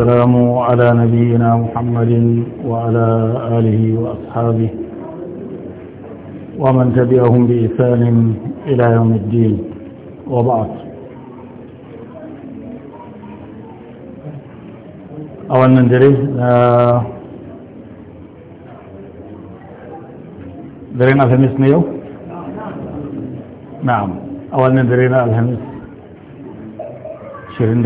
والسلام على نبينا محمد وعلى آله وأصحابه ومن تبعهم بإسان إلى يوم الدين وبعد أولا ندري آه، درينا الهميس نيو نعم أولا درينا الهميس شرين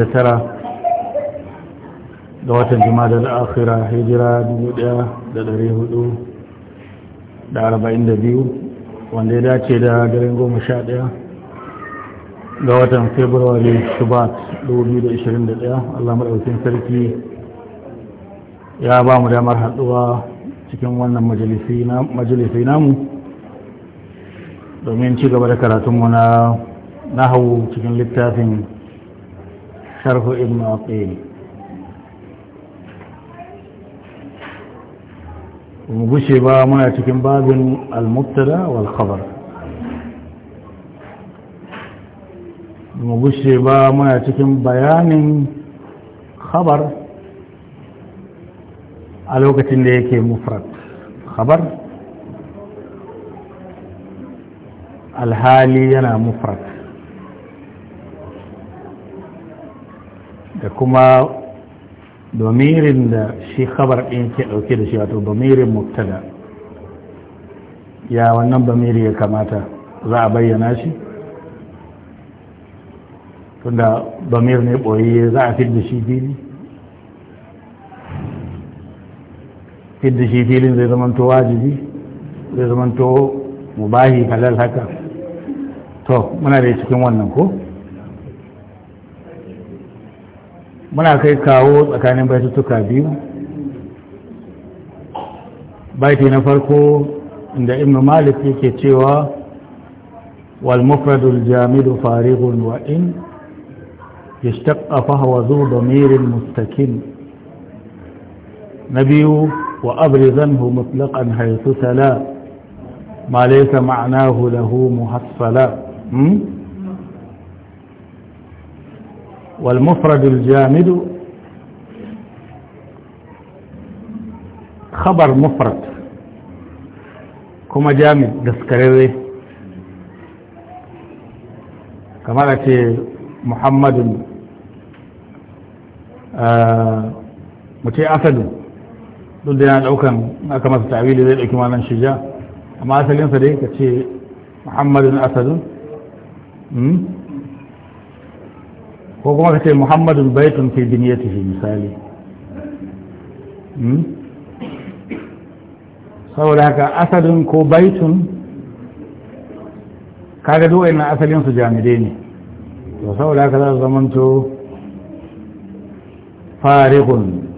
ga watan jima'a da akhira hijira 1442 wanda ya dace da garin goma sha daya ga watan februari shubat 2021 allah maɗaukin sarki ya ba mu damar haɗuwa cikin wannan majalisi namu domin ci gaba da karatunmu na hau cikin littafin sharhu ibn al-qayyim mu gushe ba muna cikin babin al-mubtada wal khabar mu gushe ba muna cikin bayanin khabar a lokacin da yake mufrad khabar alhali yana mufrad da kuma domirin da shi khabar ɗin ke ɗauke da shi wato domirin muktada ya wannan domiri ya kamata za a bayyana shi tunda domir ne ɓoye za a fidda shi fili fidda shi filin zai to wajibi zai zamanto mubahi halal haka to muna da cikin wannan ko? muna kai kawo tsakanin baitutuka biyu baiti na farko inda ibn malik yake cewa wal mufradul jamidu farighun wa in fa huwa dhu damirin mustaqim nabiyu wa abrizanhu mutlaqan haythu tala ma laysa ma'nahu lahu muhassala hmm? والمفرد الجامد خبر مفرد كما جامد دسكريوي كما محمد mutai asali duk da yana ɗaukan aka masa ta'wili zai dauki malan shija amma asalinsa dai ka ce muhammadun asadun ko kuma ka ce Muhammadu baitun fi biniyatihi misali hmm? saboda haka asalin ko baitun kaga duk na asalin su jamide ne to saboda haka za su zamanto farihun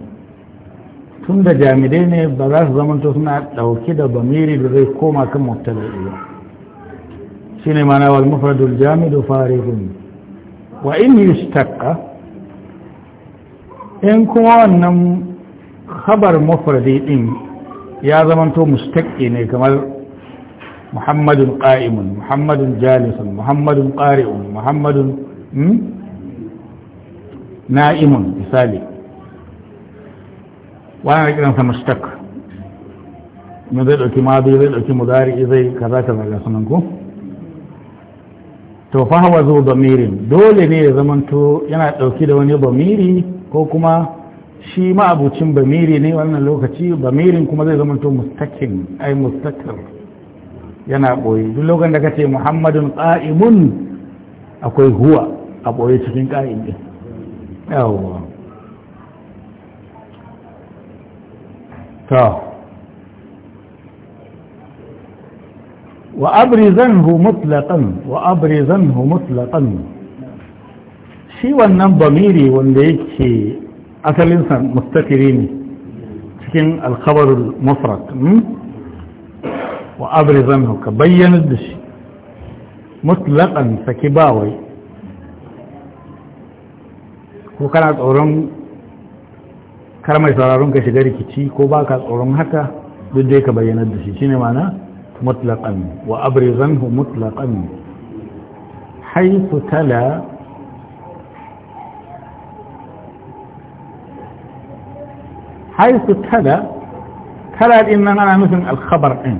tun da jamide ne ba za su zamanto suna ɗauki da bamiri da zai koma kan mutane ba shi ne ma'ana wal mufradul jamidu farihun وإن يشتق إن كوانا خبر مفردي إن يا زمنتو مشتقين كمال محمد قائم محمد جالس محمد قارئ محمد نائم مثالي وانا كده مشتق ما زي دوكي ماضي ذلك مضارئ مضارع زي كذا كذا كذا سننكو to hawa zo domirin dole ne ya zamanto yana ɗauki da wani domiri ko kuma shi ma'abucin bamiri ne wannan lokaci bamirin kuma zai zamanto mustakin ai mustakar yana ɓoye duk lokacin da kace muhammadun ƙa'imun akwai huwa a ɓoye cikin ƙa'im yawwa ta wa abrizanhu mutlaqan wa abrizanhu mutlaqan shi wannan bamiri wanda yake asalinsa mustakiri ne cikin alkhabarul mufrad hmm? wa abrizanhu ka bayyana da shi mutlaqan saki bawai ko kana tsoron kar mai ka shiga rikici ko baka tsoron haka duk dai ka bayyana da shi shine ma'ana مطلقا وأبرزنه مطلقا حيث تلا حيث تلا تلا إننا مثل الخبر إن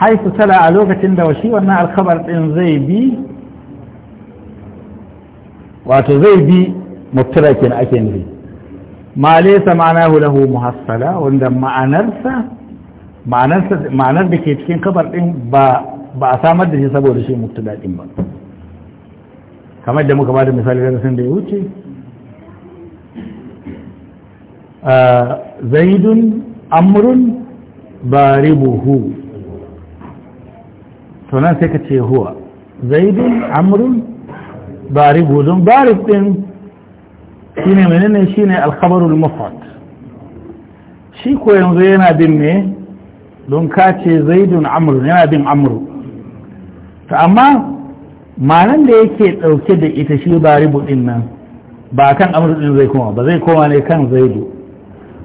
حيث تلا علوكة دوشي وأن الخبر إن زي بي وأتو زي بي مبتلك أكين لي ما ليس معناه له محصلة وعندما أنرسه ma'anar da ke cikin kabar ɗin ba a samar da shi saboda shi mutu daɗin ba kamar da muka ba da misali sun da ya wuce zaidun amrun ribu to nan sai ka ce huwa zaidun amrun ribu don ribin din shine menene shine alkhabarul mafat shi ko yanzu yana bin ne don ka ce zaidun amru yana bin amru ta amma malan da yake dauke da ita shi ba ribu din nan ba kan amru din zai koma ba zai koma ne kan zaidu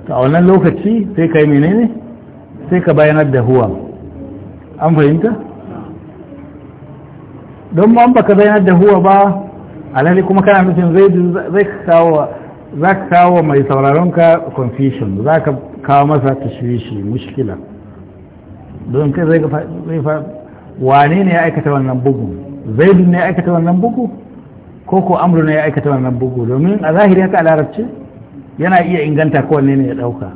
ta a wannan lokaci sai ka yi menene sai ka bayanar da huwa an fahimta don ma an baka bayanar da huwa ba alhali kuma kana nufin zaidu zai kawo za ka kawo mai sauraron ka confusion za ka kawo masa tashwishi mushkila don kai zai fa wane ne ya aikata wannan bugu zaidu ne ya aikata wannan bugu ko ko amru ne ya aikata wannan bugu domin a zahiri haka a larabci yana iya inganta ko wanne ne ya dauka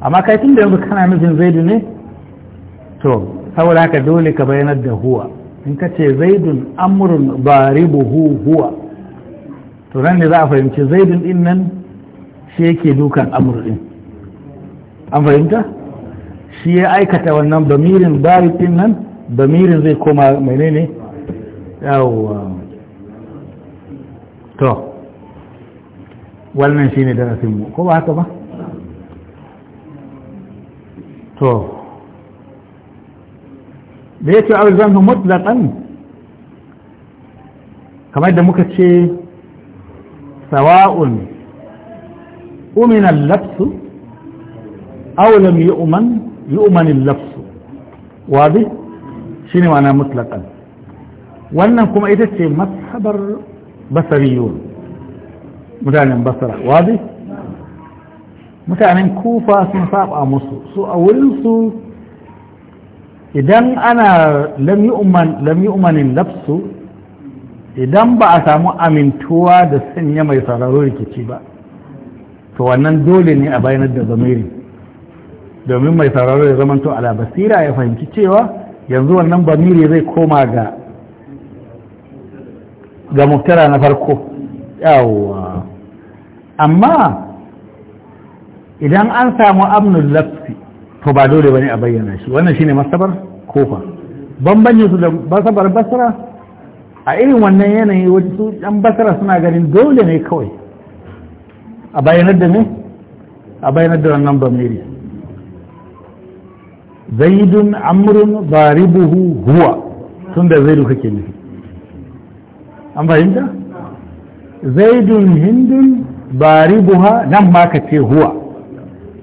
amma kai tun da yanzu kana nufin zaidu ne to saboda haka dole ka bayanar da huwa in ka ce zaidun amrun hu huwa to nan ne za a fahimci zaidun din nan shi yake dukan amru din an fahimta shi ya aikata wannan bamirin barik nan bamirin zai koma mai ne yawon to wannan ne darasin mu ko ba haka ba to da yake arzanhu mutlaqan kamar da muka ce sawa'un umina lafsu labsu yi lam yu'man al-lafz wazi shine ma'ana mutlaqan wannan kuma ita ce mazhabar basariyun mutanen basara, wazi mutanen kufa sun saba musu su a wurinsu. idan ana lam yu'man lafsu idan ba a samu amintuwa da sanya mai sauraro rikici ba to wannan dole ne a bayanar da zamiri domin mai sauraro ya zamanto ala basira ya fahimci cewa yanzu wannan bamiri zai koma ga ga muftara na farko yawwa amma idan an samu amnul lafsi to ba dole bane a bayyana shi wannan shine masabar kofa bambanci su da masabar basara. a irin wannan yanayi su ɗan basara suna ganin dole ne kawai a bayanar da ne a bayanar da wannan bamiri zaidun amrun baribuhu huwa tun da zaidu kake nufi an fahimta zaidun hindun baribuha nan ma ka ce huwa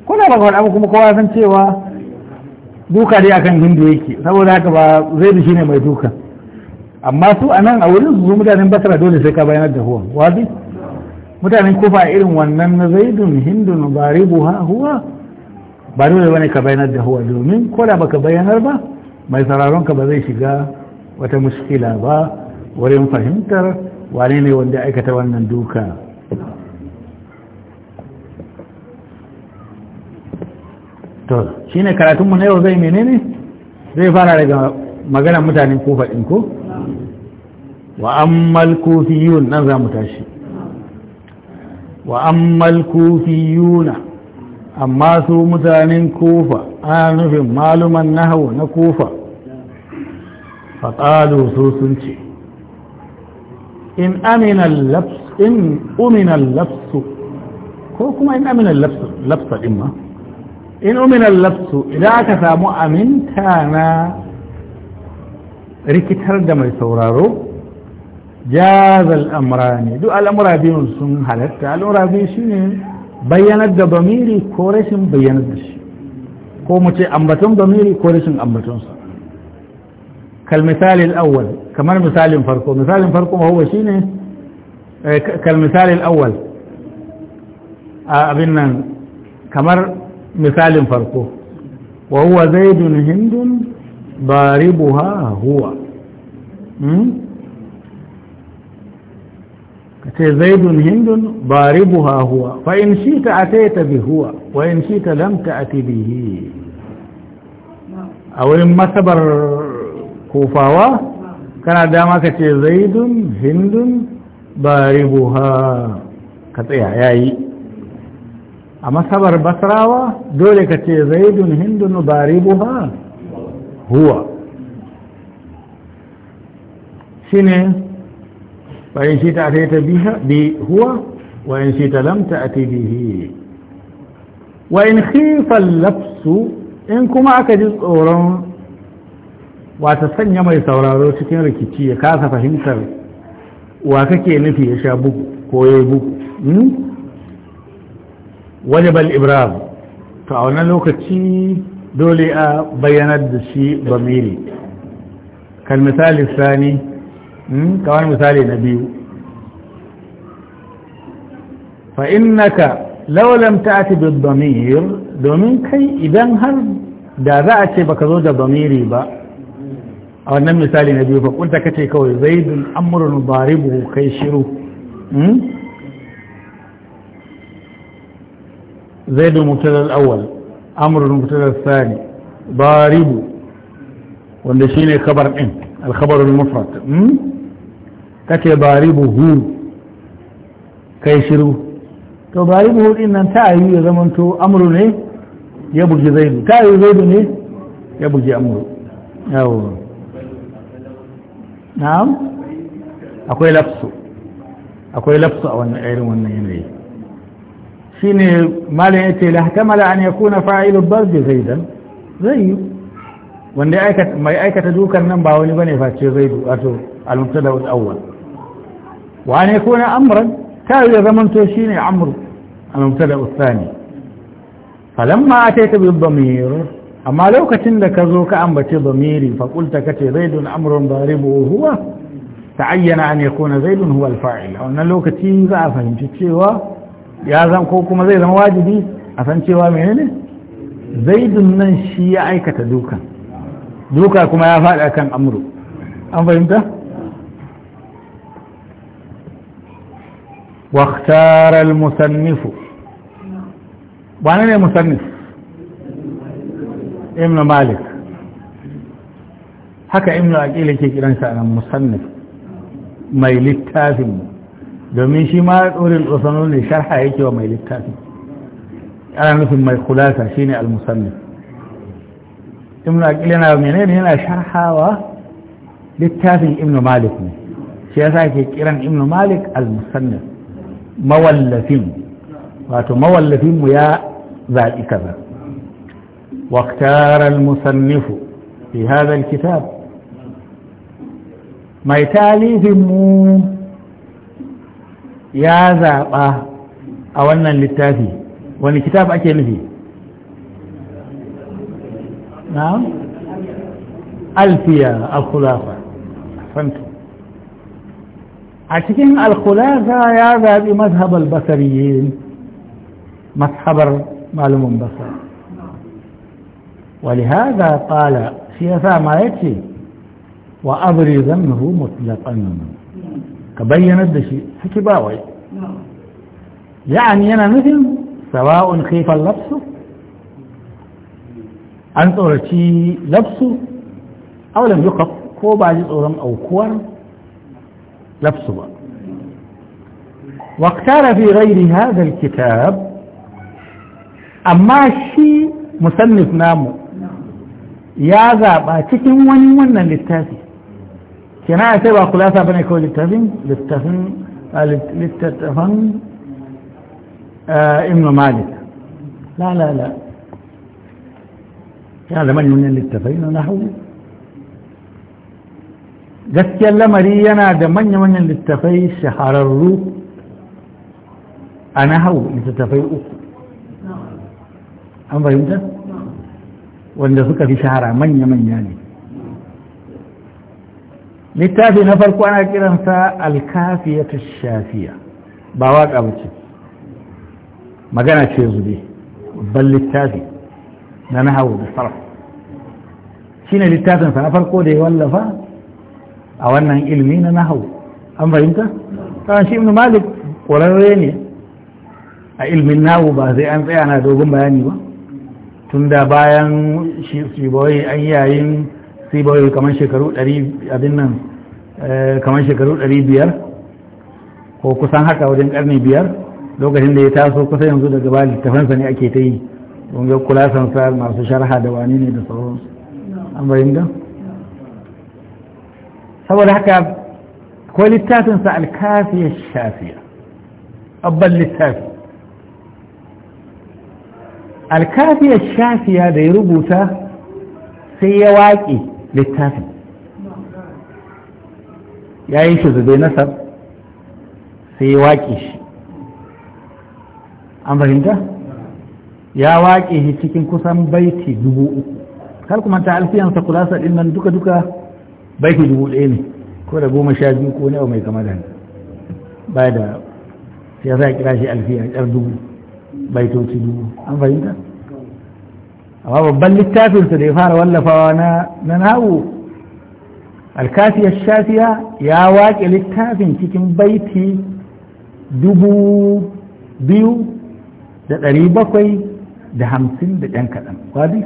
kuna ba abu kuma kowa san cewa duka dai akan hindu yake saboda haka ba zaidu shine mai duka amma su a nan a wurin su mutanen basara dole sai ka bayanar da huwa wazi mutanen kufa irin wannan na zaidun hindun baribuha huwa ba dole wani ka bayanar da huwa domin ko da baka bayanar ba mai sauraron ka ba zai shiga wata muskila ba wurin fahimtar wane ne wanda aikata wannan duka to shine karatunmu na yau zai menene zai fara daga maganar mutanen kofa ɗin ko Wa nan mu tashi. Wa تاشي وأما الكوفيون amma su mutanen kufa ana nufin maluman nahawu na kufa faƙalu su sun ce in aminan lafsu in uminan lafsu ko kuma in aminan lafsu ɗin ma in uminan lafsu idan aka samu aminta na rikitar da mai sauraro jazal amra ne duk al'amura biyun sun halatta al'amura biyu shine bayyanar da bamiri ko rashin bayyanar da shi ko mu ce ambaton bamiri ko rashin ambatonsa kal misali al-awwal kamar misalin farko misalin farko huwa shine kal misali al-awwal abin nan kamar misalin farko wa huwa zaidun hindun baribuha huwa ce zaidun hindun baribuha huwa fa in shita ataita bi huwa wa in shita lam ta'ti bihi a wurin masabar kofawa kana dama ka ce zaidun hindun baribuha ka tsaya yayi a masabar basrawa dole ka ce zaidun hindun baribuha huwa shine وإن شئت أتيت بها هو وإن شئت لم تأتي به وإن خيف اللبس إن كما أكجز أوران واتسنى ما يسورارو cikin rikici ya kasa fahimtar wa kake nufi ya sha bugu ko ya bugu wajibal ibrahim to a wannan lokaci dole a bayyanar da shi bamiri kan misali sani kamar misali na biyu fa innaka law lam ta'ti bid damir domin kai idan har da za a ce baka zo da damiri ba a wannan misali na biyu fa kunta kace kawai zaidun amrun daribuhu kai shiru زيد المبتدا الاول امر المبتدا الثاني ضارب ولا شيء خبر ان الخبر المفرد kace baribuhu kai shiru to baribuhu din nan ta yi ya zamanto amru ne ya buji zaidu ta yi zaidu ne ya buji amru yawo na'am akwai lafsu akwai lafsu a wannan irin wannan yanayi shine malin yace la hatamala an yakuna fa'ilu barji zaidan zai wanda mai aikata dukan nan ba wani bane face zaidu wato al-mubtada al-awwal وأن يكون أمرا كان يضمن توشيني عمرو المبتدا الثاني فلما أتيت بالضمير أما لو كتن لك ذوك أنبت ضميري فقلت كتي زيد أمر ضاربه هو تعين أن يكون زيد هو الفاعل وأن لو كتي ذا فهمت شيوا يا زم كوكما زيد واجبي أفهمت شيوا منين زيد من شيعي كتدوكا دوكا كما يفعل أكن أمره أم فهمته؟ واختار المصنف وانا مصنف ابن مالك haka ibnu aqil yake kiransa nan musannif mai littafin domin shi ma ɗorin tsosano ne sharha yake wa mai littafin ana nufin mai kulasa shine al-musannif ibnu aqil yana menene yana sharhawa littafin ibnu malik ne shi yasa ke kiran ibnu malik al mawallafin wato mawallafin mu ya zaɓi kaza waktarar musannifu fi hadal kitab mai talifin mu ya zaɓa a wannan littafi wani kitab ake nufi na alfiya a kulafa fanta عشان الخلاصة يا ذهبي مذهب البصريين مذهب معلوم بصر ولهذا قال سياسة ما يكفي وأبري ذنه مطلقا كبين الدشي حكي باوي يعني أنا مثل سواء خيف اللبس أن تورتي لبسه أو لم يخف كوباجي أورم أو كوارم لفظ بقى واختار في غير هذا الكتاب أماشي مصنف نامو يا ذا باتكين وني ونن للتاسي كنا يتبع خلاصة بنكو للتفن للتفن للتفن آه، ابن مالك لا لا لا يعني من ينن للتفن نحوه gaskiyar lamari yana da manya-manyan littafai shahararru a nahau littattafai uku an fahimta wanda suka fi shahara manya-manya ne littafi na farko ana kiransa ta shafiya ba waka ba ce magana ce zube ban littafi na nahau da Shi shine littafinsa na farko da ya wallafa a wannan ilimi na nahau an fahimta kan shi ibn malik ƙwararre ne a ilmin nahu ba sai an tsaya na dogon bayani ba tun da bayan shi boye an yayin sibawai kamar shekaru 100 abin nan eh, kamar shekaru 500 ko kusan haka wajen karni biyar lokacin da ya taso kusa yanzu daga ta fansa ne ake ta yi don ga sa masu sharha da wani ne da sauransu an bayyana saboda haka ko littafinsa alkafiyar shafiya abban littafi alkafiyar shafiya da ya rubuta sai ya waƙe littafin ya yi shi zube nasar sai ya waƙe shi an fahimta ya waƙe shi cikin kusan baiti dubu uku kar kuma ta alfiyansa kulasa ɗin nan duka-duka baiki dubu ɗaya ne ko da goma sha biyu ko nawa mai kama da ba da sai sa kira shi alfiya ƙyar dubu baitoci dubu an fahimta amma babban littafinsa da ya fara wallafawa na nahu alkafiyar shafiya ya waƙe littafin cikin baiti dubu biyu da ɗari bakwai da hamsin da ɗan kaɗan kwadi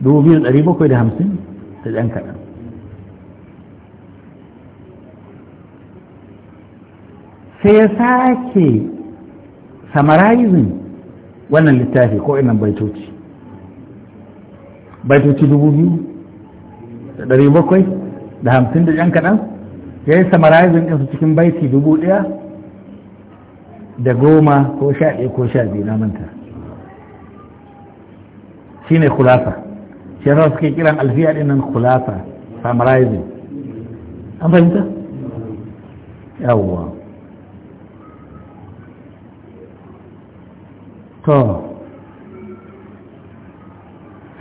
dubu biyu da ɗari bakwai da hamsin da ɗan kaɗan sai ya sake samarizin wannan littafi ko inan baitoci baitoci dubu biyu da dari bakwai da hamsin da yan kaɗan ya yi samarizin ɗinsu cikin baiti dubu ɗaya da goma ko sha ɗaya ko sha biyu na manta shi ne kulafa shi yasa suke kiran alfiya ɗin nan kulafa samarizin an fahimta yawwa to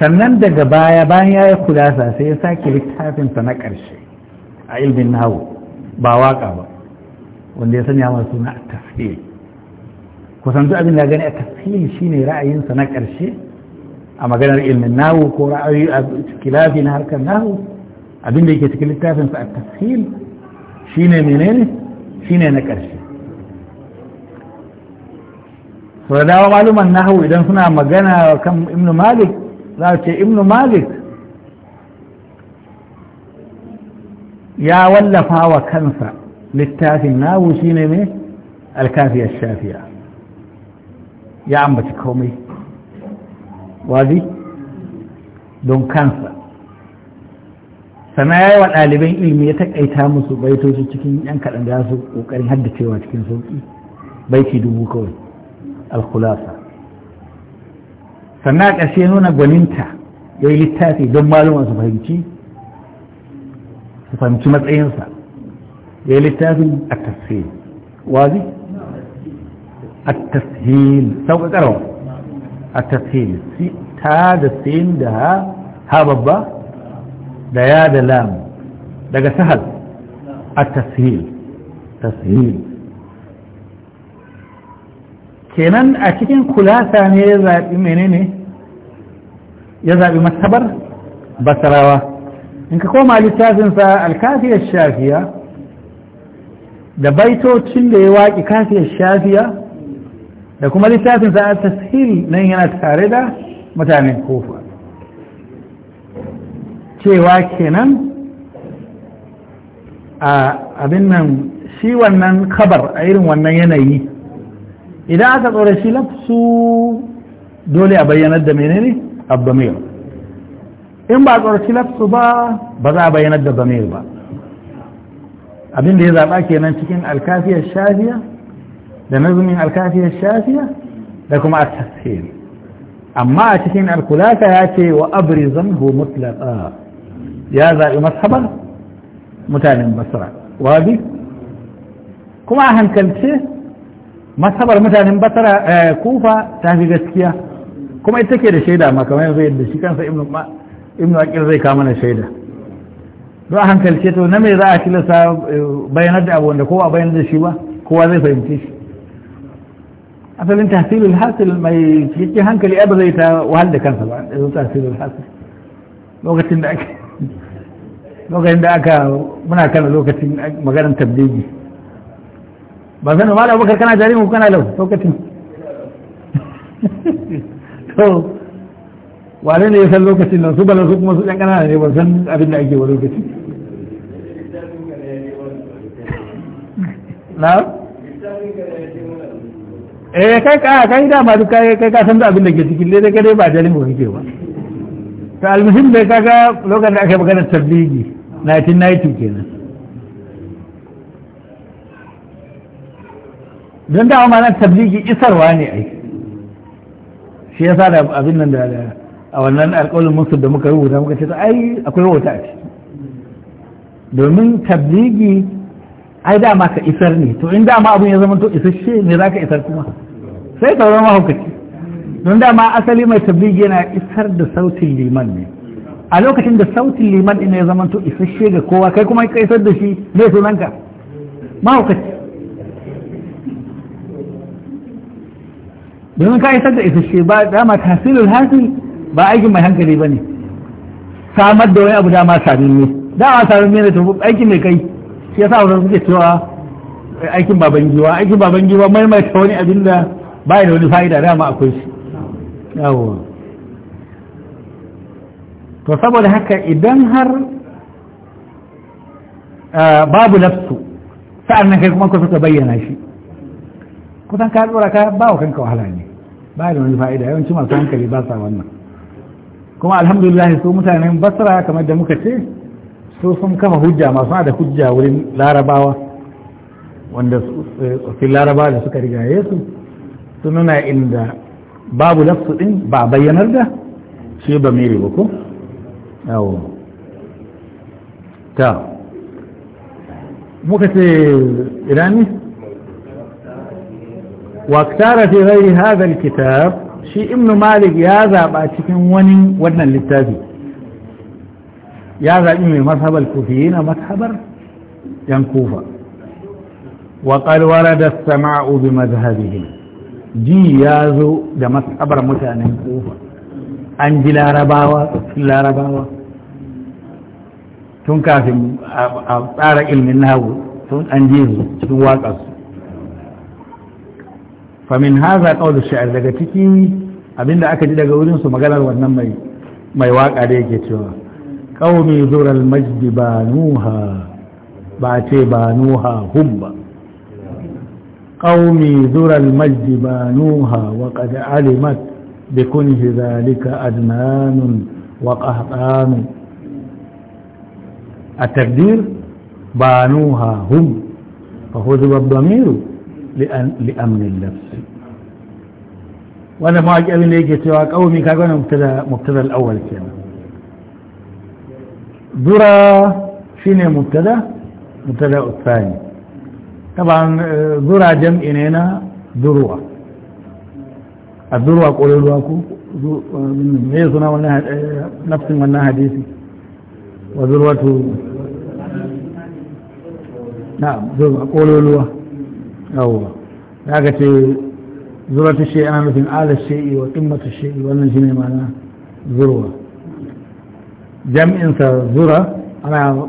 sannan daga baya bayan ya yi kulasa sai ya sake littafinsa na ƙarshe a ilmin nahu ba waka ba wanda ya sanya masu na tafsir kusan abin da gani a shi shine ra'ayinsa na ƙarshe a maganar ilmin nahu ko ra'ayi a kilafi na harkar nahu abin da yake cikin littafinsa a tafsir shine menene shine na ƙarshe to da dawa maluman nahawu idan suna magana kan ibn malik za a ce ibn malik ya wallafa wa kansa littafin nahu shine ne alkafiyar shafiya ya ambaci komai wazi don kansa sana ya yi wa ɗaliban ilimi ya taƙaita musu baitoci cikin yan kaɗan da su ƙoƙarin haddacewa cikin sauƙi baiti dubu kawai al-khulasa sannan a ƙarshe nuna gwaninta ya yi littafi don maluma su fahimci su fahimci matsayinsa ya yi littafin a tafsir wazi a tafsir sauƙaƙarwa a tafsir ta da sin da ha babba da ya da lam daga sahal a tafsir tafsir kenan a cikin kulasa ne ya zaɓi menene ya zaɓi masabar basarawa in ka koma littafinsa alkafiyar shafiya da baitocin da ya waƙi kafiyar shafiya da kuma littafinsa a tashiri nan yana tare da mutanen kofa cewa kenan a abin nan shi wannan kabar a irin wannan yanayi idan aka tsore shi lafsu dole a bayyanar da menene abdamir in ba tsore shi lafsu ba ba za a bayyanar da damir ba abin da ya zaɓa kenan cikin alkafiyar shafiya da nazumin alkafiyar shafiya da kuma a tafsir amma a cikin alkulaka ya ce wa abrizan hu mutlaka ya zaɓi masabar mutanen basra wabi kuma a hankalce masabar mutanen basara eh, kufa ta fi gaskiya kuma ita ke da shaida ma kamar yanzu yadda shi kansa ibnu akil zai kama na shaida don a hankalce to na mai za a tilasta eh, bayanar da abu wanda kowa bayanar da shi ba kowa zai fahimci shi asalin tasirul hasil mai cikin hankali ba zai ta wahal da kansa ba da zuwa tasirul hasil lokacin da aka lokacin da aka muna kan lokacin maganar tabbigi ba zan malam abubakar kana mu kana lau lokacin to wane ne ya san lokacin nan su bala su kuma su ɗan ƙanana ne ba san abin da ake wa lokacin na eh kai ka kai da ma duka kai ka san da abin da ke cikin dai kai ba jari mu kike ba to almuhim bai kaga lokacin da aka yi maganar tabligi 1990 kenan don da amma nan tabligi isarwa ne ai shi yasa da abin nan da a wannan alƙawarin musu da muka rubuta muka ce ai akwai wata a domin tabligi ai dama ka isar ne to in dama abin ya zama to isasshe ne za ka isar kuma sai ka zama hukaci don dama asali mai tabligi yana isar da sautin liman ne a lokacin da sautin liman ɗin ya zama to isasshe ga kowa kai kuma ka isar da shi ne sunanka mahaukaci domin ka isar da isasshe ba dama tasirin hasil ba aikin mai hankali ba ne samar da wani abu dama sabin ne dama sabin ne tafi aikin mai kai shi sa wani suke cewa aikin baban giwa aikin baban giwa maimaita wani abin da ba da wani fa'ida dama akwai shi yawon to saboda haka idan har babu lafsu sa'an nan kai kuma kusa suka bayyana shi kusan ka tsora ka ba wa kanka wahala ne ba da wani fa'ida yawanci masu hankali ba sa wannan kuma alhamdulillah su mutanen basra kamar da muka ce su sun kama hujja masu da hujja wurin larabawa wanda eh, tsofin larabawa da suka riga yesu su nuna inda babu lafsu ɗin ba bayyanar da shi ba mere ba ko yawo ta muka ce irani waktara fi gairi hadal kitab shi ibn malik ya zaba cikin wani wannan littafi ya zaɓi mai mazhabar kufiyi na mazhabar yan kufa wa ƙalwara da sama'u bi mazhabihi ji ya zo da mazhabar mutanen kufa an ji larabawa tsakin larabawa tun kafin a tsara ilmin na tun an ji cikin waƙarsu famin haza qawl sha'ir daga cikin abinda aka ji daga wurin su maganar wannan mai mai waka da yake cewa Ƙaumi zural majdi ba banuha ba ce ba banuha hum ba Ƙaumi zural majdi ba banuha wa qad alimat bikunhi zalika adnanun wa qahtanun التقدير بانوها هم فهو ذو الضمير لأمن اللفظ وانا ما اجي da yake cewa او kaga wannan mubtada mubtada الاول awwal kenan شنو مبتدا مبتدا الثاني طبعا ذرى جمع انينا ذروه الذروه قولوا لكم ميزنا والنهد نفس والنهد حديثي وذروته نعم ذروه قولوا له او هكذا ذرة الشيء أنا مثل آل الشيء وقمة الشيء والنجم معنا ذروة جمع انت ذرة أنا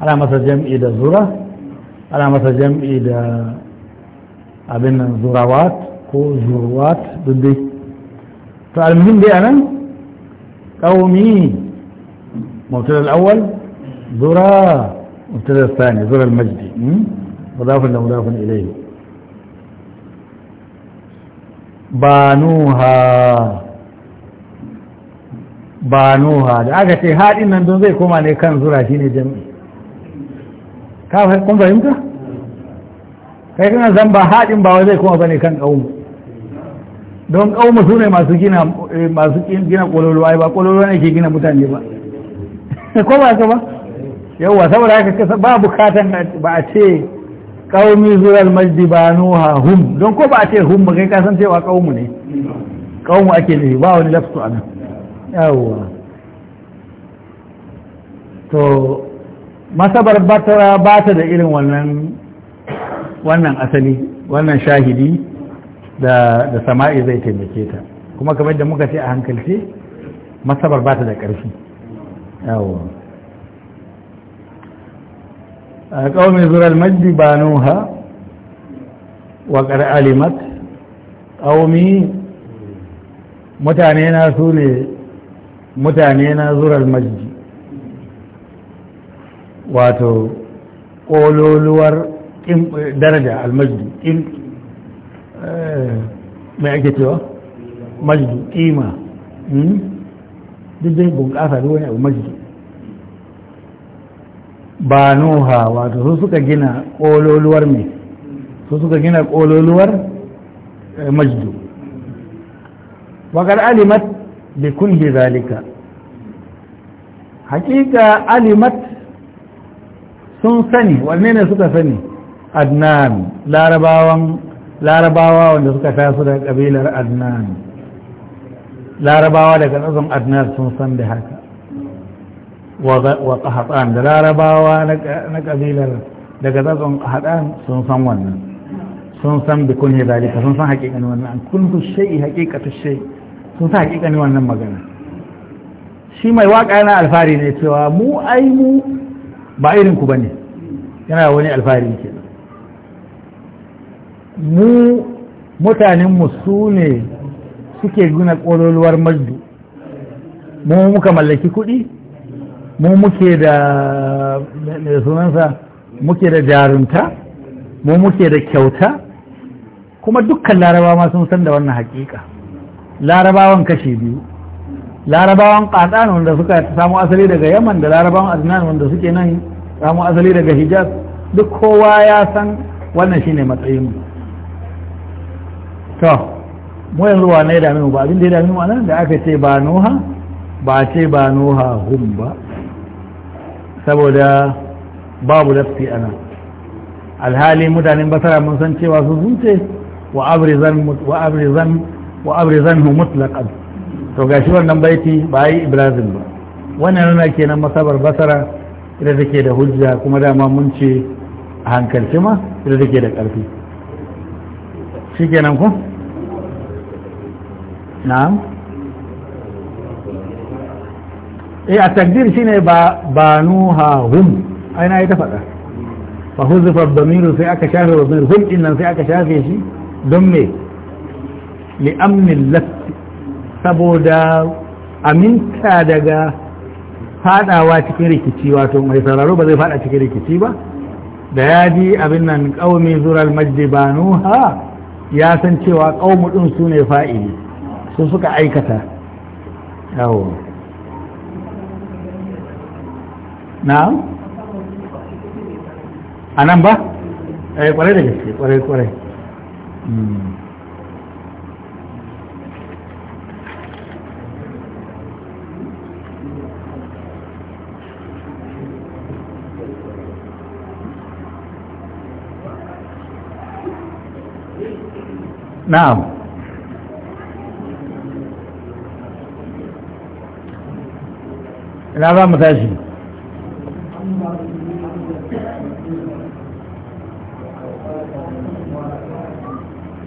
على مثل جمع إذا ذرة على مثل جمع إذا أبن ذروات كو ذروات ضدي فالمهم دي أنا قومي مبتدا الأول ذرة مبتدا الثاني ذرة المجدي مضاف لمضاف إليه banuha banuha da aka ce haɗin nan don zai koma ne kan zura shi ne jami'i kun fahimta? kai kana zan ba haɗin ba zai koma ba ne kan ƙaunu don ƙaunu su ne masu gina eh, masu gina ba ƙololuwa ne ke gina mutane ba ko ba ka ba yauwa saboda haka ba bukatan ba a ce qaumi zural majdi nuha hum don ko ba a ce hum ba kasan cewa qaumu ne qaumu ake ne ba wani lafsu ana, yawo, to masabar batara ba ta da irin wannan wannan asali wannan shahidi da da sama'i zai taimake ta kuma kamar da muka ce a hankalce masabar ba ta da ƙarfi yawo. قوم ذر المجد بانوها وقد علمت قومي متانينا سوني متانينا ذر المجد واتو قولوا لور درجة المجد mai آه، ما cewa مجد قيمة duk dai bunƙasa da wani abu nuha wato su suka gina kololuwar mai su suka gina kololuwar eh, majdu Waƙar alimat bi kulli zalika hakika alimat sun sani wanne ne suka sani adnan larabawan larabawa wanda suka taso daga kabilar adnan larabawa daga tsatson adnan sun san da haka wa qahatan da larabawa na kabilar daga zazon hadan sun san wannan sun san bi kunhi zalika sun san hakikan wannan kunhu shay'i hakikatu shay sun san hakikan wannan magana shi mai waka yana alfari ne cewa mu ai mu ba irin ku bane yana wani alfari ke mu mutanen mu su ne suke gina kololuwar majdu mu muka mallaki kuɗi mu muke da sunansa muke da jarumta mu muke da kyauta kuma dukkan larabawa sun san da wannan hakika larabawan kashe biyu larabawan ƙaɗan wanda suka samu asali daga yaman da larabawan adnan wanda suke nan samu asali daga hijaz duk kowa ya san wannan shine matsayin to mu yanzu wa ne da mu ba abin da ya da mu anan da aka ce ba noha ba ce ba noha hum ba saboda babu lafi ana alhali mutanen basara mun san cewa su sun ce wa abrizan mu mutlaqan to shi wannan baiti ba yi ibrazin ba wannan nuna kenan masabar basara ita take da hujja kuma dama mun ce a hankalci ma ita take da ƙarfi shi kenan ku na'am eh a takdir shine ba banuha hum ai na ta faɗa fa huzifa damiru sai aka shafe damir hum din nan sai aka shafe shi don me li amnin saboda aminta daga fadawa cikin rikici wato mai sauraro ba zai fada cikin rikici ba da ya ji abin nan kaumi zural majdi banuha ya san cewa kaumu ɗin su ne fa'ili su suka aikata yawo na'am a nan ba eh kwarai da gaske kwarai kwarai hmm. na'am ina za mu tashi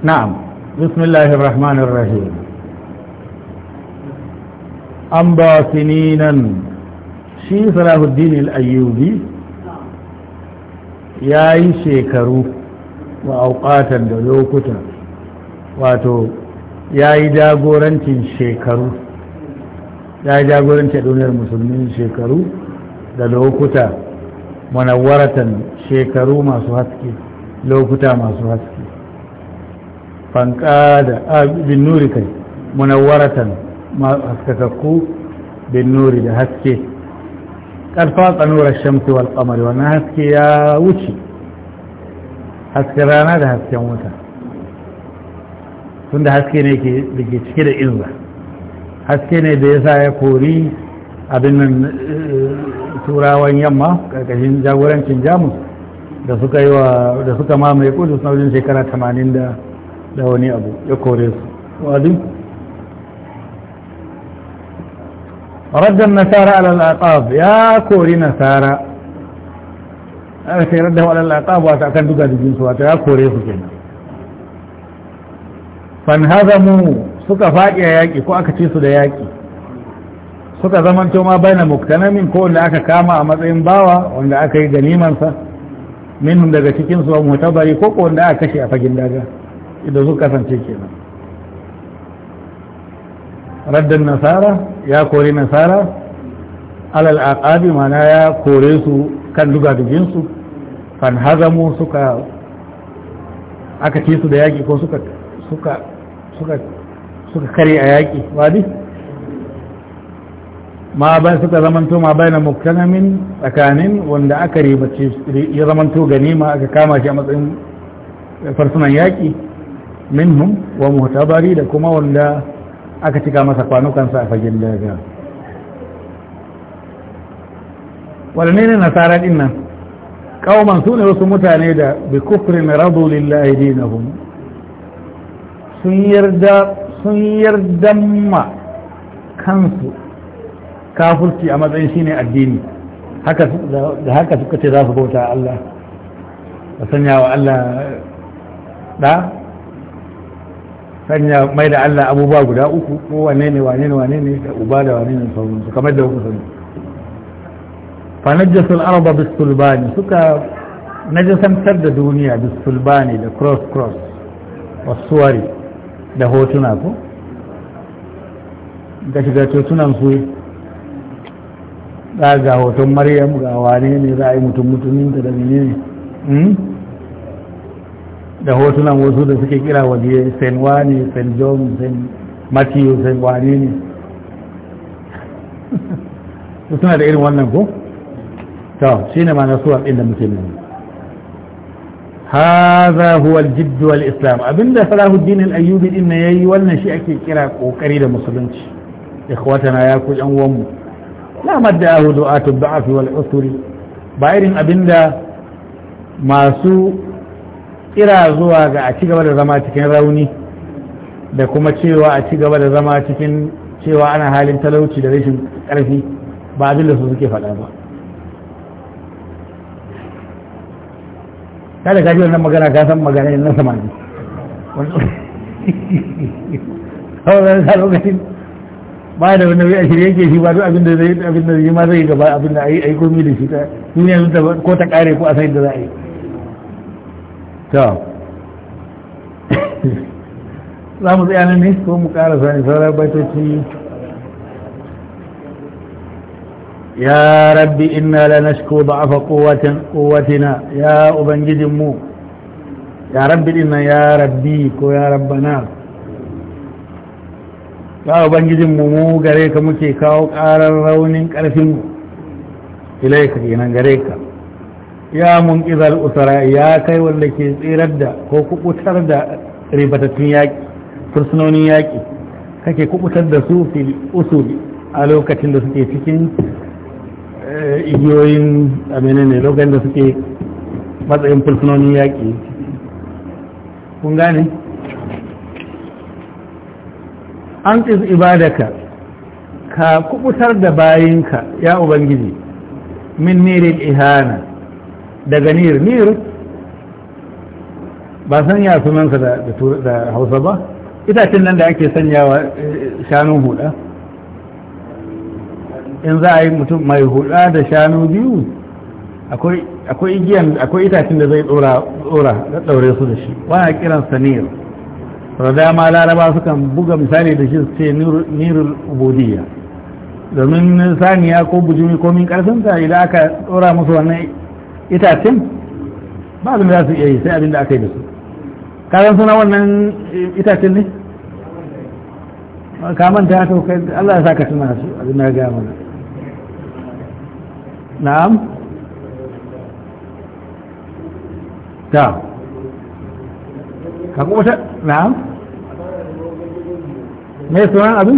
na'am bismillahir rahmanir rahim an ba sininan shi salahuddin ayyubi ya yi shekaru wa auƙatan da lokuta wato ya yi jagorancin shekaru ya yi jagorancin duniyar musulmin shekaru da lokuta manawwaratan shekaru masu haske lokuta masu haske a bin nuri kai munawwaratan ma haskakakku bin nuri da haske kad shamsi wal qamari wannan haske ya wuce hasken rana da hasken wuta tunda haske ne da ke cike da inza haske ne da ya sa ya kori abin nan turawan yamma karkashin jagorancin jamus da suka yi wa da suka mamaye kudu na shekara 80 da wani abu ya kore su wali raddan nasara ala al ya kori nasara aka ce raddan ala al-aqab wata akan duka jikin su wata ya kore su kenan fan hazamu suka faɗi a yaki ko aka ce su da yaki suka zamanto ma bai na muktanamin ko wanda aka kama a matsayin bawa wanda aka yi ganimansa minhum daga cikinsu wa mutabari ko wanda aka kashe a fagin daga idan su kasance kenan raddan nasara ya kore nasara alal aqabi mana ya kore su kan dugadugin su fan hazamu suka aka ce su da yaki ko suka suka suka suka kare a yaki wadi ma bai suka zamanto ma bai na muktanamin tsakanin wanda aka ribace ya zamanto ganima aka kama shi a matsayin farsunan yaki minhum wa mutabari da kuma wanda aka cika masa kwanukansa a fagen daga wadanne ne nasara dinnan, nan kauman su ne wasu mutane da bi kufrin radu lillahi dinahum sun yarda sun yarda ma kansu kafurci a matsayin shine addini da haka suka ce za su bauta Allah da sanya wa Allah da sanya mai da Allah abubuwa guda uku ko wane ne wane ne wane ne da uba da wane ne sauransu kamar da kuka sani fa najjasul arda bis sulbani suka najasantar da duniya bis sulbani da cross cross wasuwari da hotuna ko da shiga hotunan su za ga hoton maryam ga wane ne za a yi mutum mutumin ta da ne da hotunan wasu da suke kira waje st wani st john st matthew st wani ne suna da irin wannan ko? to shi ne mana suwa inda muke ne haza huwa aljiddu wal islam abinda salahuddin al-ayyubi din ne yayi wannan shi ake kira kokari da musulunci ikhwatana ya ku yan uwanmu la madda du'atu da'af wal usri ba irin abinda masu Ira zuwa ga a ci gaba da zama cikin rauni da kuma cewa a ci gaba da zama cikin cewa ana halin talauci da rashin karfi ba abin da su suke faɗa ba ta da ji wannan magana ka san magana na samani kawai da lokacin ba da wani a shirye yake shi ba duk abin da zai yi ma zai gaba abin da a yi komai da shi ta duniya ko ta kare ko a sai da za a yi ta za mu tsaye ne ko mu karasa ne sauran baitoci ya rabbi inna la nashku da'afa quwwatin quwwatina ya ubangijin mu ya rabbi inna ya rabbi ko ya rabbana ya ubangijin mu mu gare ka muke kawo karar raunin karfin mu ilaika kenan gare ka ya mun izal usara ya kai wanda ke tsirar da ko kubutar da ribatattun yaƙi fursunonin yaƙi kake kubutar da su fil usuli a lokacin da suke cikin igiyoyin amina ne lokacin da suke matsayin fursunonin yaƙi kun gane an tsis ibadaka ka kubutar da bayinka ya ubangiji min mirin ihana daga nir nir ba san sunansa da hausa ba itacen nan da ake sanyawa eh, shanu huda in za a yi mutum mai huda da shanu biyu akwai igiyan akwai itacen da zai dora da daure su da shi wani kiran sanir rada ma laraba sukan buga misali da shi su ce nirul ubudiyya domin saniya ko bujumi ko min karfinta idan aka tsora musu wannan itacin ba abin za su iya yi sai abin da aka yi da su kayan suna wannan itacin ne kaman ta to kai Allah ya saka suna su abin da ga mana na'am ta ka kuma ta na'am me suna abin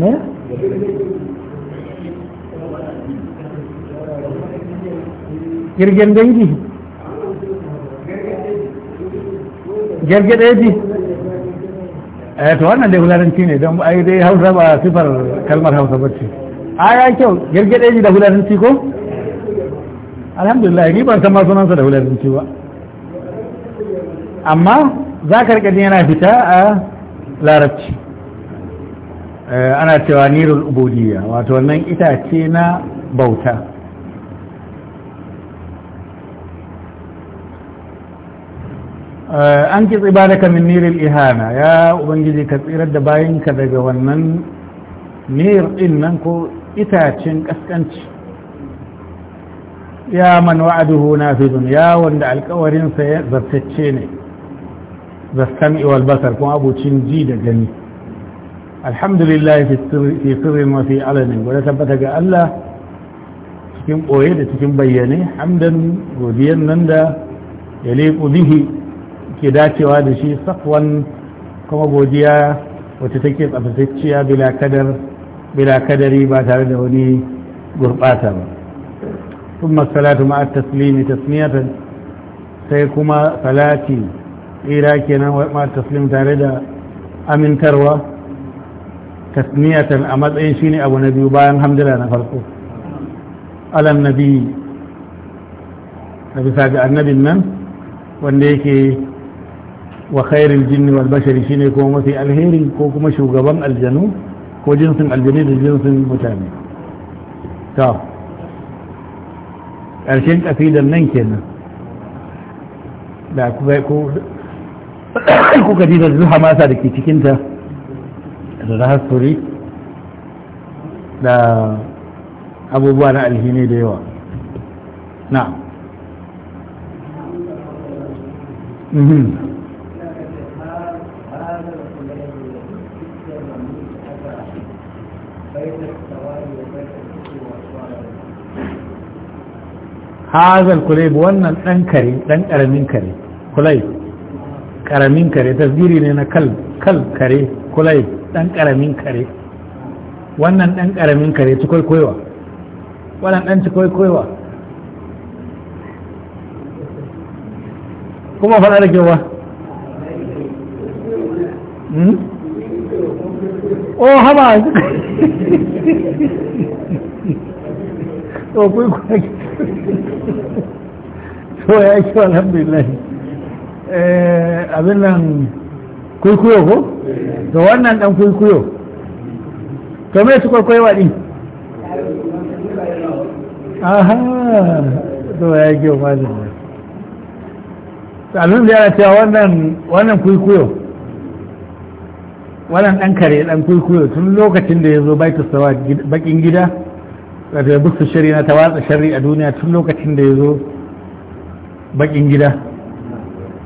ne jirgin dangi jirgin dangi eh to wannan dai hularanci ne don ai dai hausa ba sifar kalmar hausa ba ce a ya kyau jirgin dangi da hularanci ko alhamdulillah ni ban san ma sunansa da hularanci ba amma za ka rikadin yana fita a larabci eh, ana cewa nirul ubudiyya wato wannan itace na bauta Eh, an kitse bada da kamin nirin ihana ya ubangiji ka tsirar da bayanka daga wannan nir din nan ko itacen kaskanci ya man wa'aduhu nafidun ya wanda alkawarinsa ya zartacce ne zartan iwal basar kuma abucin ji da gani alhamdulillah fi sirrin mafi fi alamin gwada tabbata ga Allah cikin ɓoye da cikin bayyane hamdan godiyan nan da ya leƙo bihi take dacewa da shi safwan kuma godiya wacce take tsafatacciya bila kadari ba tare da wani gurbata ba sun masalatu ma'a taslimi sai kuma salati tsira kenan ma'a tare da amintarwa tasmiyatan a matsayin shi ne abu na biyu bayan hamdala na farko alam nabi da bisa ga annabin nan wanda yake wa khairul jinni wal bashari shine kuma mafi alheri ko kuma shugaban aljanu ko jinsin aljani da jinsin mutane to ƙarshen ƙasidar nan kenan da kuma ko kuka ji da zuha masa da ke cikinta da rahasturi da abubuwa na alhini da yawa na'am mm-hmm. hazal kulayb wannan dan kare dan karamin kare kulayb karamin kare tasbiri ne na kal kal kare kulayb dan karamin kare wannan dan karamin kare ci koiwa wannan dan ci koiwa kuma faɗa da kewa hmm? o oh, haba o kwaikwaiwa so ya yi alhamdulillah eh, abin nan kuikuyo ko? to wannan dan kuikuyo to mai su kwaikwayo waɗi? aha to ya yi kyau mazin abin da yana cewa wannan wannan kwaikwayo wannan dan kare dan kuikuyo tun lokacin da ya zo baitu sawa bakin gida da busu shari na ta watsa shari a duniya tun lokacin da ya zo bakin gida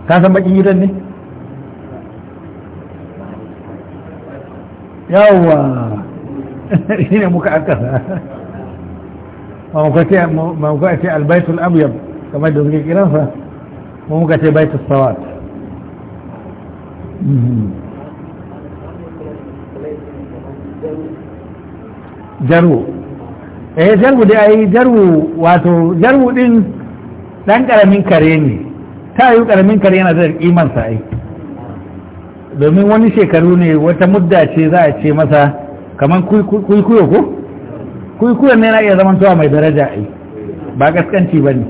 ka san bakin gidan ne yawwa shi ne muka akasa ma muka ce albaitul abyab kamar da suke kiransa ma muka ce baitul sawat mm-hmm. jaro eh jarbu da ai jarbu wato jarhu din dan karamin kare ne ta yi karamin kare yana da kiman domin wani shekaru ne wata mudda ce za a ce masa kaman kuikuyo ko kuikuyo ne na iya zaman tuwa mai daraja ai ba gaskanci bane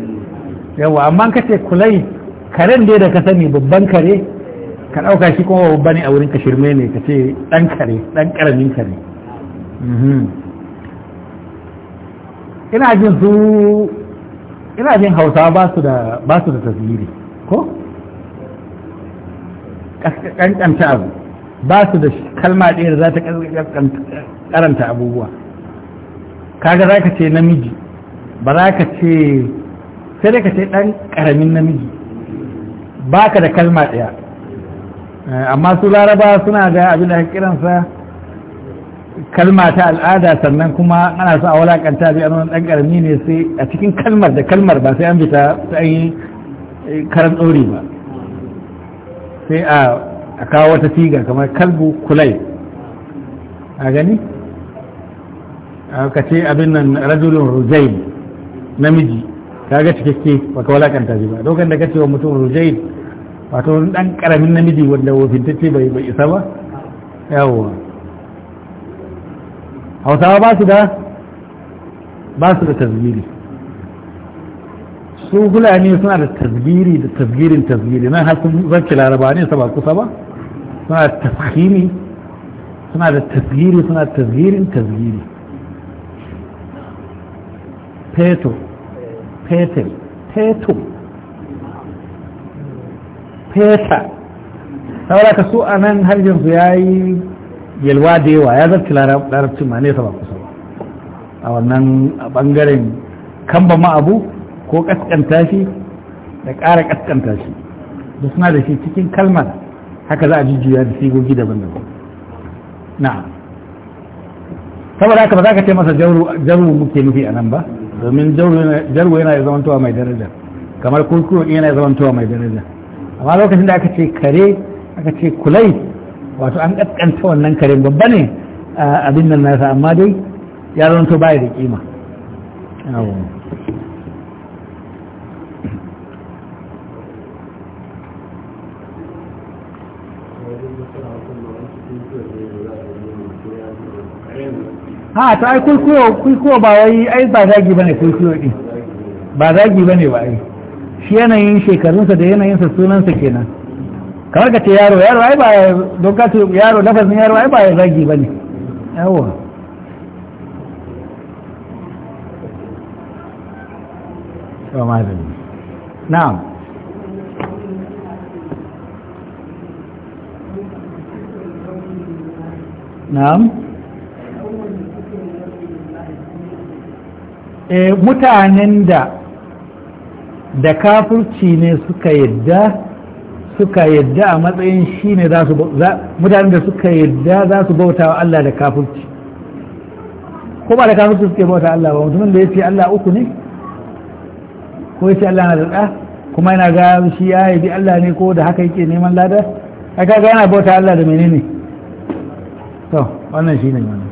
yawa amma ka ce kulai karen dai da ka sani babban kare ka ɗauka shi kuma babba ne a wurin ka shirme ne ka ce ɗan kare ɗan ƙaramin kare mhm. ina jin su ina jin hausa ba su da tasiri ko kankanta abu ba su da kalma ɗaya da za ta karanta abubuwa kaga za ka ce namiji ba za ka ce sai dai ka ce ɗan ƙaramin namiji ba ka da kalma ɗaya eh, amma su laraba suna ga abin da kiransa kalma ta al'ada sannan kuma ana so a walakanta bi anan dan karmi ne sai a cikin kalmar da kalmar ba sai an fita sai eh, karan dori ba sai a kawo wata tiga kamar kalbu kulai a gani ka ce abin nan rajulun rujain namiji kaga cikakke baka walakanta shi ba dokan da kace wa mutum rujain wato dan karamin namiji wanda wofintacce bai isa ba yawwa hausawa ba su da ba su da tasbiri su gulani suna da tasbiri da tasbirin tasbiri nan har sun zarce laraba ne saba kusa ba suna da tasbiri suna da tasbiri suna da tasbirin tasbiri peto petel peto peta saboda ka su a nan harshen ya yi yalwa da yawa ya zarci larabci ma nesa ba kusa ba a wannan bangaren kamba ma abu ko kaskanta shi da ƙara kaskanta shi da suna da shi cikin kalmar haka za a jujjuya da sigogi daban-daban na saboda haka ba za ka ce masa jarumin muke nufi a nan ba domin jaru yana zama zamantowa mai daraja kamar kurkuru yana zama zamantowa mai daraja amma lokacin da aka ce kare aka ce kulai wato an ƙasƙanta wannan kare babba ne abin nan nasa amma dai ya zanto baya da kima ha ta ai kulkuwa ba wai ai ba zagi bane kulkuwa din ba zagi bane ba ai shi yanayin shekarunsa da yanayinsa sunansa kenan kamar ka ce yaro yaro ai ba don ka ce yaro lafazin yaro ai ba ya zagi ba ne yawo na'am na'am e mutanen da da kafurci ne suka yadda suka yadda a matsayin shi ne za su mutanen da suka yadda za su bauta wa Allah da kafirci ko ba da kafirci suke bauta Allah ba mutumin da ya ce Allah uku ne ko ya ce Allah na da kuma yana ga shi ya yi bi Allah ne ko da haka yake neman lada a kaga yana bauta Allah da menene to wannan shi ne wannan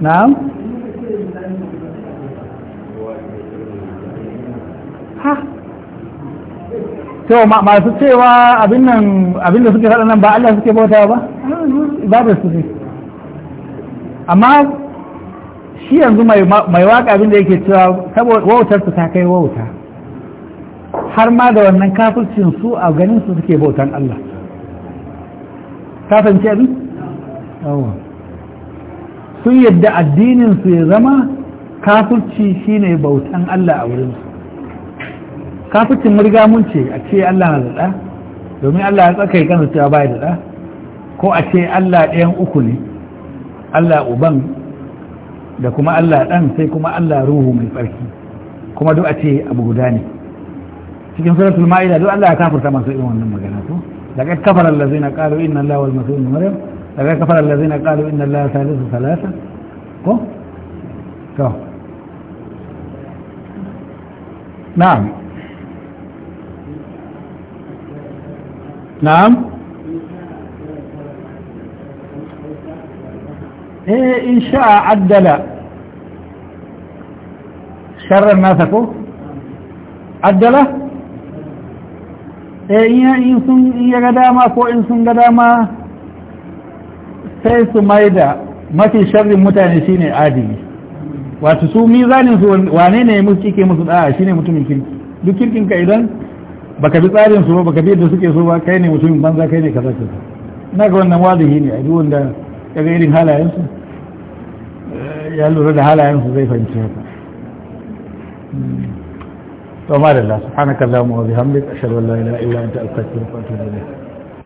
na'am ha to masu cewa abin da suke faɗa nan ba Allah suke bauta ba ibadar su ne amma shi yanzu mai waka abin da yake cewa wautar su ta kai wauta har ma da wannan kafircin su a ganin su suke bautan Allah ka fahimci abin sun yadda addinin su ya zama kafirci ne bautan Allah a wurin su kafircin murga mun ce a ce Allah na da domin Allah ya tsakai kansa cewa bai da ɗa ko a ce Allah ɗayan uku ne Allah uban da kuma Allah ɗan sai kuma Allah ruhu mai tsarki kuma duk a ce abu guda ne cikin suratul ma'ida duk Allah ya kafirta masu irin wannan magana to in كفر الذين masu irin الله والمسيح ابن مريم لقد كفر الذين قالوا Allah الله ثالث salasa ko نعم na'am eh in sha'a addala sharar nasa ko addala eh in sun ya ga dama ko in sun ga dama sai su maida mafi sharrin mutane shine adili wato su mizanin su wane ne musu cike musu da'a shine mutumin kirki duk kirkin idan baka bi tsarin su ba baka bi da suke so ba kai ne mutumin banza kai ne kaza kaza na ga wannan wazihi ne a duwanda wanda kaga irin halayen su eh, ya lura da halayen su zai fahimci haka hmm. to ma da Allah subhanaka Allahumma wa bihamdika ashhadu an la ilaha illa anta astaghfiruka wa atubu ilayk